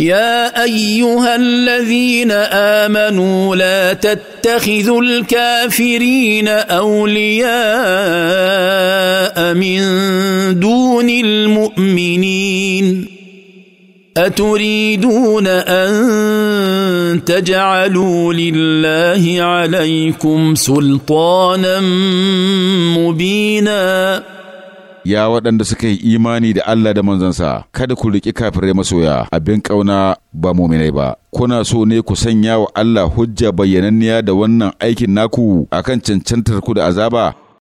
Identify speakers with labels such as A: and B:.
A: يا ايها الذين امنوا لا تتخذوا الكافرين اولياء من دون المؤمنين اتريدون ان تجعلوا لله عليكم سلطانا مبينا
B: ya waɗanda suka yi imani da Allah da manzansa kada ku riƙi kafirai masoya abin ƙauna ba muminai ba kuna so ne ku sanya wa Allah hujja bayyananniya da wannan aikin naku akan cancantar ku da azaba